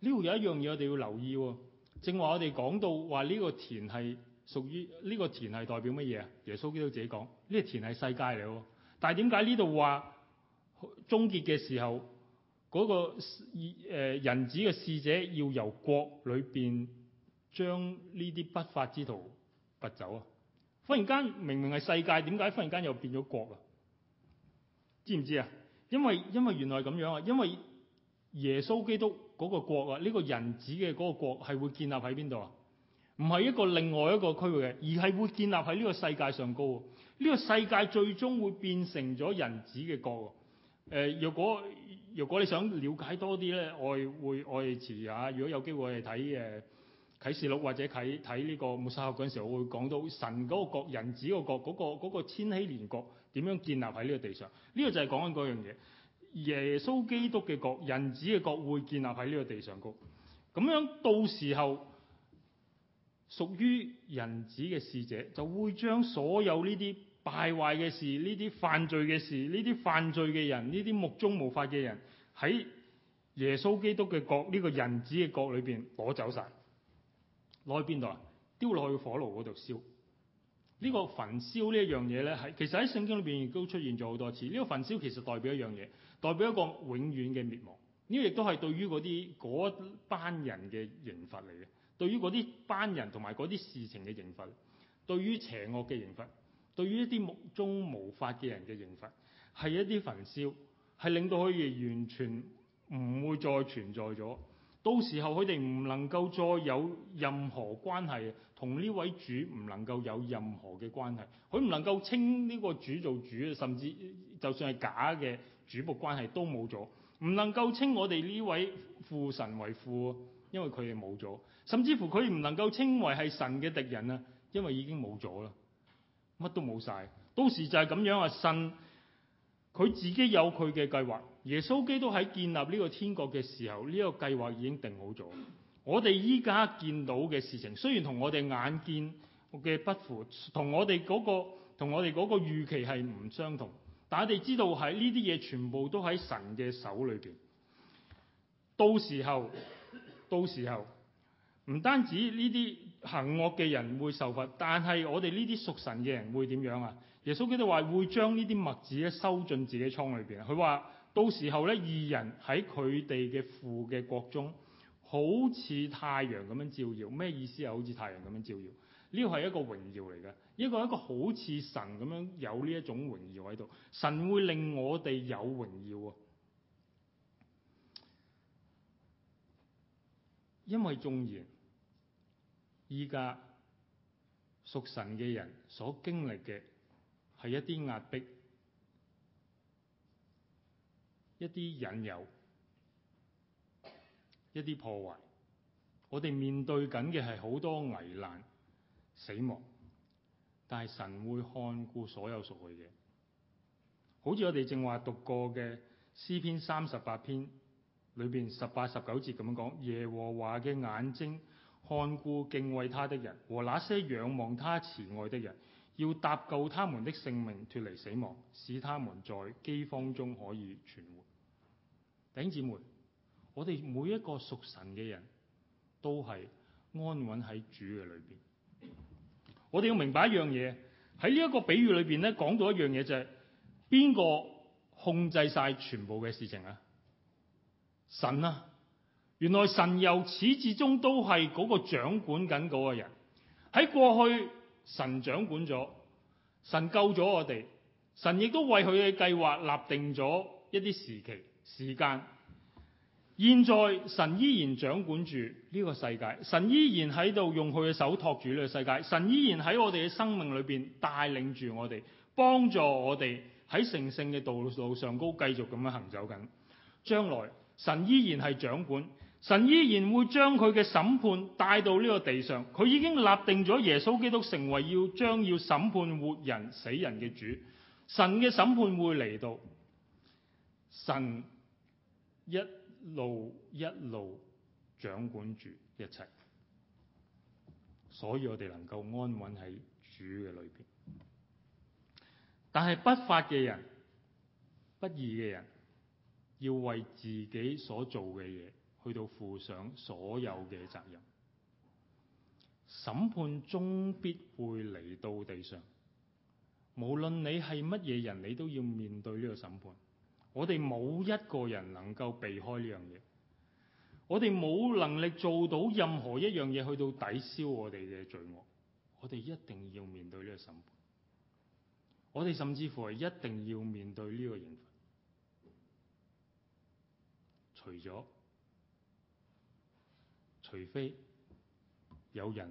呢度有一樣嘢我哋要留意、啊，正話我哋講到話呢個田係屬於呢、呢個田係代表乜嘢啊？耶穌基督自己講呢、呢個田係世界嚟、啊，但係點解呢度話？終結嘅時候，嗰個誒人子嘅使者要由國裏邊將呢啲不法之徒拔走啊！忽然間明明係世界，點解忽然間又變咗國啊？知唔知啊？因為因為原來咁樣啊，因為耶穌基督嗰個國啊，呢個人子嘅嗰個國係會建立喺邊度啊？唔係一個另外一個區域嘅，而係會建立喺呢個世界上高，呢個世界最終會變成咗人子嘅國。誒，若果、呃、若果你想了解多啲咧，我係會我係遲下，如果有機會我哋睇誒啟示錄或者啟睇呢個末世學嗰陣時候，我會講到神嗰個國、人子嗰個國、嗰、嗰個嗰個嗰個千禧年國點樣建立喺呢個地上，呢、呢個就係講緊嗰樣嘢。耶穌基督嘅國、人子嘅國會建立喺呢個地上國，咁樣到時候屬於人子嘅使者就會將所有呢啲敗壞嘅事，呢啲犯罪嘅事，呢啲犯罪嘅人，呢啲目中無法嘅人，喺耶穌基督嘅國呢個人子嘅國裏邊攞走晒，攞去邊度啊？丟落去火爐嗰度燒呢個焚燒呢一樣嘢咧，係其實喺聖經裏邊亦都出現咗好多次。呢個焚燒其實代表一樣嘢，代表一個永遠嘅滅亡。呢個亦都係對於嗰啲嗰班人嘅刑罰嚟嘅，對於嗰啲班人同埋嗰啲事情嘅刑罰，對於邪惡嘅刑罰。對於一啲目中無法嘅人嘅刑罰，係一啲焚燒，係令到佢哋完全唔會再存在咗。到時候佢哋唔能夠再有任何關係，同呢位主唔能夠有任何嘅關係。佢唔能夠稱呢個主做主，甚至就算係假嘅主僕關係都冇咗，唔能夠稱我哋呢位父神為父，因為佢哋冇咗。甚至乎佢唔能夠稱為係神嘅敵人啊，因為已經冇咗啦。乜都冇晒，到時就係咁樣啊！神佢自己有佢嘅計劃，耶穌基督喺建立呢個天國嘅時候，呢個計劃已經定好咗。我哋依家見到嘅事情，雖然同我哋眼見嘅不符，同我哋嗰個同我哋嗰個預期係唔相同，但係我哋知道係呢啲嘢全部都喺神嘅手裏邊。到時候，到時候。唔單止呢啲行惡嘅人會受罰，但係我哋呢啲屬神嘅人會點樣啊？耶穌基督話會將呢啲麥子咧收進自己倉裏邊。佢話到時候咧，二人喺佢哋嘅父嘅國中，好似太陽咁樣照耀。咩意思啊？好似太陽咁樣照耀，呢個係一個榮耀嚟嘅，一個一個好似神咁樣有呢一種榮耀喺度。神會令我哋有榮耀啊！因為縱然。而家屬神嘅人所經歷嘅係一啲壓迫、一啲引誘、一啲破壞。我哋面對緊嘅係好多危難、死亡，但係神會看顧所有屬佢嘅。好似我哋正話讀過嘅詩篇三十八篇裏邊十八十九節咁樣講，耶和華嘅眼睛。看顧敬畏他的人和那些仰望他慈愛的人，要搭救他們的性命，脫離死亡，使他們在饑荒中可以存活。弟兄姊妹，我哋每一個屬神嘅人都係安穩喺主嘅裏邊。我哋要明白一樣嘢，喺呢一個比喻裏邊咧，講到一樣嘢就係邊個控制晒全部嘅事情啊？神啊！原來神由始至終都係嗰個掌管緊嗰個人。喺過去，神掌管咗，神救咗我哋，神亦都為佢嘅計劃立定咗一啲時期時間。現在神依然掌管住呢個世界，神依然喺度用佢嘅手托住呢個世界，神依然喺我哋嘅生命裏邊帶領住我哋，幫助我哋喺成聖嘅道路上高繼續咁樣行走緊。將來神依然係掌管。神依然會將佢嘅審判帶到呢個地上，佢已經立定咗耶穌基督成為要將要審判活人死人嘅主。神嘅審判會嚟到，神一路一路掌管住一切，所以我哋能夠安穩喺主嘅裏邊。但係不法嘅人、不義嘅人，要為自己所做嘅嘢。去到負上所有嘅責任，審判終必會嚟到地上。無論你係乜嘢人，你都要面對呢個審判。我哋冇一個人能夠避開呢樣嘢，我哋冇能力做到任何一樣嘢去到抵消我哋嘅罪惡。我哋一定要面對呢個審判。我哋甚至乎係一定要面對呢個刑罰，除咗。除非有人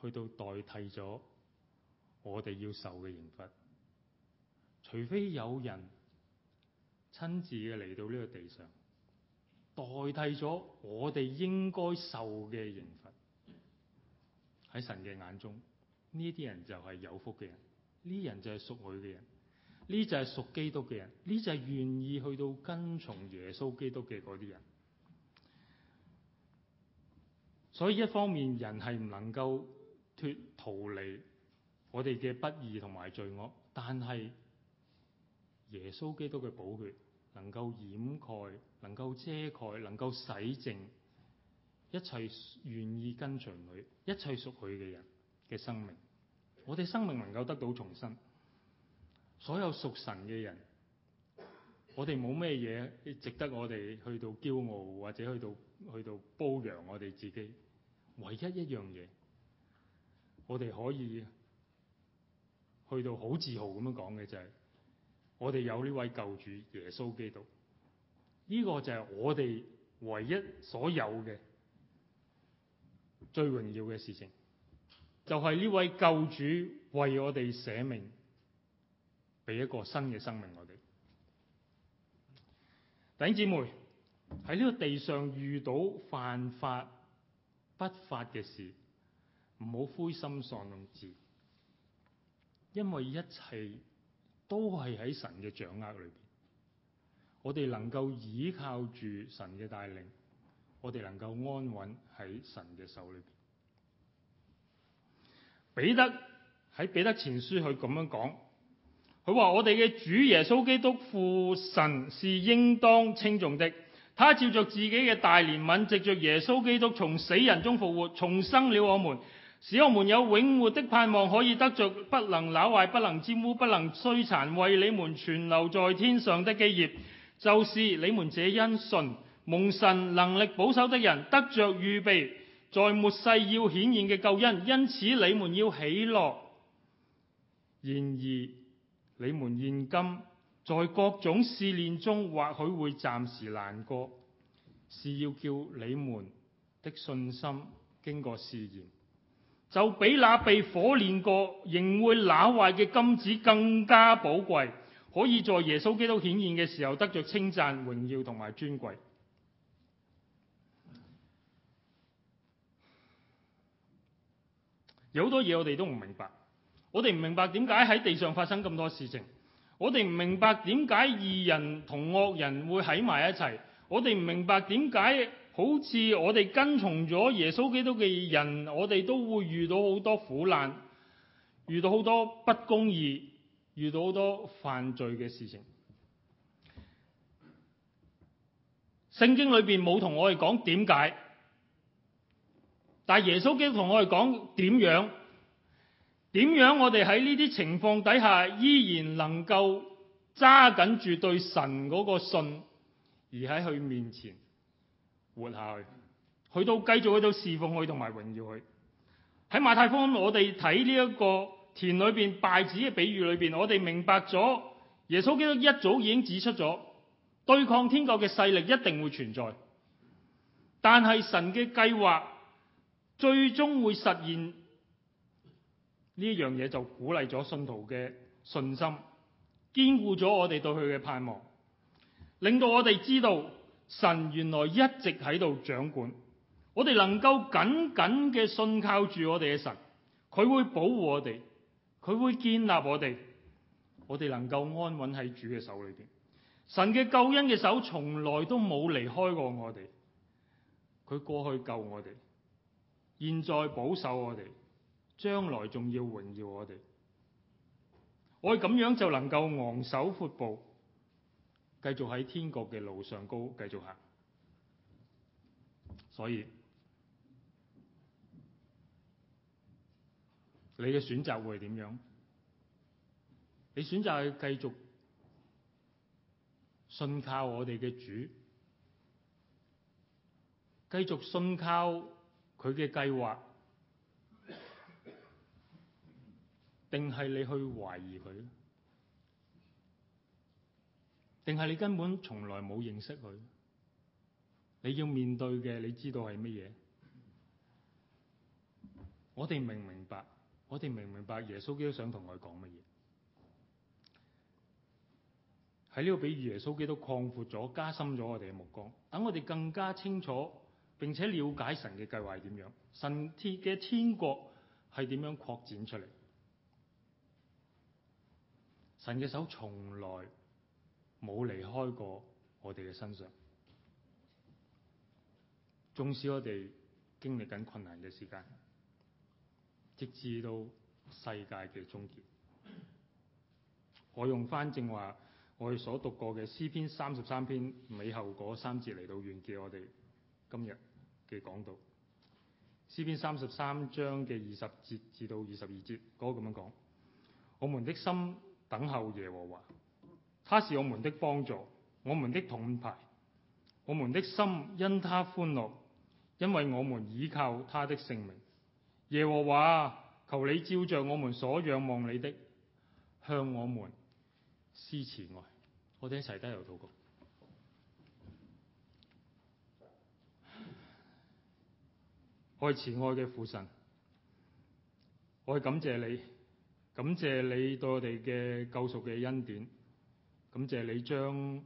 去到代替咗我哋要受嘅刑罰，除非有人親自嘅嚟到呢個地上，代替咗我哋應該受嘅刑罰，喺神嘅眼中，呢啲人就係有福嘅人，呢啲人就係屬佢嘅人，呢就係屬基督嘅人，呢就係願意去到跟從耶穌基督嘅啲人。所以一方面，人係唔能夠脫逃離我哋嘅不義同埋罪惡，但係耶穌基督嘅寶血能夠掩蓋，能夠遮蓋，能夠洗淨一切願意跟隨佢、一切屬佢嘅人嘅生命。我哋生命能夠得到重生，所有屬神嘅人，我哋冇咩嘢值得我哋去到驕傲，或者去到去到褒揚我哋自己。唯一一樣嘢，我哋可以去到好自豪咁樣講嘅就係、是，我哋有呢位救主耶穌基督，呢、這個就係我哋唯一所有嘅最重要嘅事情，就係、是、呢位救主為我哋捨命，俾一個新嘅生命我哋。弟兄姐妹喺呢個地上遇到犯法、不法嘅事，唔好灰心喪志，因為一切都係喺神嘅掌握裏邊。我哋能夠倚靠住神嘅帶領，我哋能夠安穩喺神嘅手裏邊。彼得喺彼得前書去咁樣講，佢話我哋嘅主耶穌基督父神是應當稱頌的。他照着自己嘅大憐憫，藉着耶穌基督從死人中復活，重生了我們，使我們有永活的盼望，可以得着不能朽壞、不能沾污、不能衰殘，為你們存留在天上的基業，就是你們這因信蒙神能力保守的人，得着預備在末世要顯現嘅救恩。因此你們要喜樂，然而你們現今，在各種試煉中，或許會暫時難過，是要叫你們的信心經過試驗，就比那被火煉過仍會能壞嘅金子更加寶貴，可以在耶穌基督顯現嘅時候得著稱讚、榮耀同埋尊貴。 有好多嘢我哋都唔明白，我哋唔明白點解喺地上發生咁多事情。我哋唔明白點解義人同惡人會喺埋一齊，我哋唔明白點解好似我哋跟從咗耶穌基督嘅人，我哋都會遇到好多苦難，遇到好多不公義，遇到好多犯罪嘅事情。聖經裏邊冇同我哋講點解，但係耶穌基督同我哋講點樣。點樣我哋喺呢啲情況底下，依然能夠揸緊住對神嗰個信，而喺佢面前活下去，去到繼續去到侍奉佢同埋榮耀佢。喺馬太福音，我哋睇呢一個田裏邊稗子嘅比喻裏邊，我哋明白咗耶穌基督一早已經指出咗，對抗天國嘅勢力一定會存在，但係神嘅計劃最終會實現。呢一樣嘢就鼓勵咗信徒嘅信心，堅固咗我哋對佢嘅盼望，令到我哋知道神原來一直喺度掌管，我哋能夠緊緊嘅信靠住我哋嘅神，佢會保護我哋，佢會建立我哋，我哋能夠安穩喺主嘅手裏邊。神嘅救恩嘅手從來都冇離開過我哋，佢過去救我哋，現在保守我哋。將來仲要榮耀我哋，我哋咁樣就能夠昂首闊步，繼續喺天國嘅路上高繼續行。所以你嘅選擇會係點樣？你選擇係繼續信靠我哋嘅主，繼續信靠佢嘅計劃。定係你去懷疑佢，定係你根本從來冇認識佢。你要面對嘅，你知道係乜嘢？我哋明唔明白？我哋明唔明白耶穌基督想同我哋講乜嘢？喺呢個俾耶穌基督擴闊咗、加深咗我哋嘅目光，等我哋更加清楚，並且了解神嘅計劃係點樣，神天嘅天國係點樣擴展出嚟。神嘅手從來冇離開過我哋嘅身上，縱使我哋經歷緊困難嘅時間，直至到世界嘅終結。我用翻正話我哋所讀過嘅詩篇三十三篇尾後嗰三節嚟到完結我哋今日嘅講道。詩篇三十三章嘅二十節至到二十二節嗰咁樣講，我們的心。等候耶和華，他是我們的幫助，我們的盾牌，我們的心因他歡樂，因為我們倚靠他的聖名。耶和華，求你照着我們所仰望你的，向我們施慈愛。我哋一齊低頭禱告。我係慈愛嘅父神，我係感謝你。感謝你對我哋嘅救贖嘅恩典，感謝你將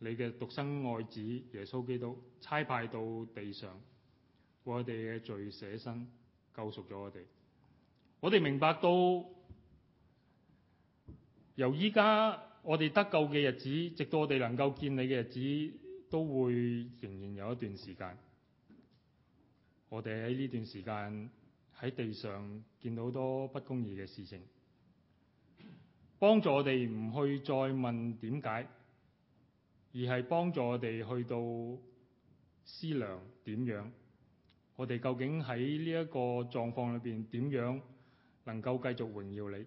你嘅獨生愛子耶穌基督差派到地上，為我哋嘅罪捨身救贖咗我哋。我哋明白到由依家我哋得救嘅日子，直到我哋能夠見你嘅日子，都會仍然有一段時間。我哋喺呢段時間喺地上見到好多不公義嘅事情。幫助我哋唔去再問點解，而係幫助我哋去到思量點樣，我哋究竟喺呢一個狀況裏邊點樣能夠繼續榮耀你？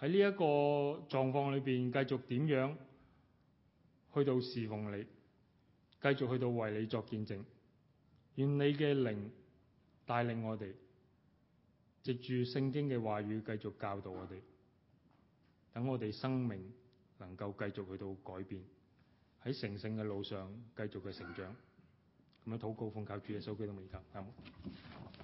喺呢一個狀況裏邊繼續點樣去到侍奉你？繼續去到為你作見證，願你嘅靈帶領我哋，藉住聖經嘅話語繼續教導我哋。等我哋生命能夠繼續去到改變，喺成聖嘅路上繼續去成長，咁樣禱告奉靠主耶穌基督嘅名，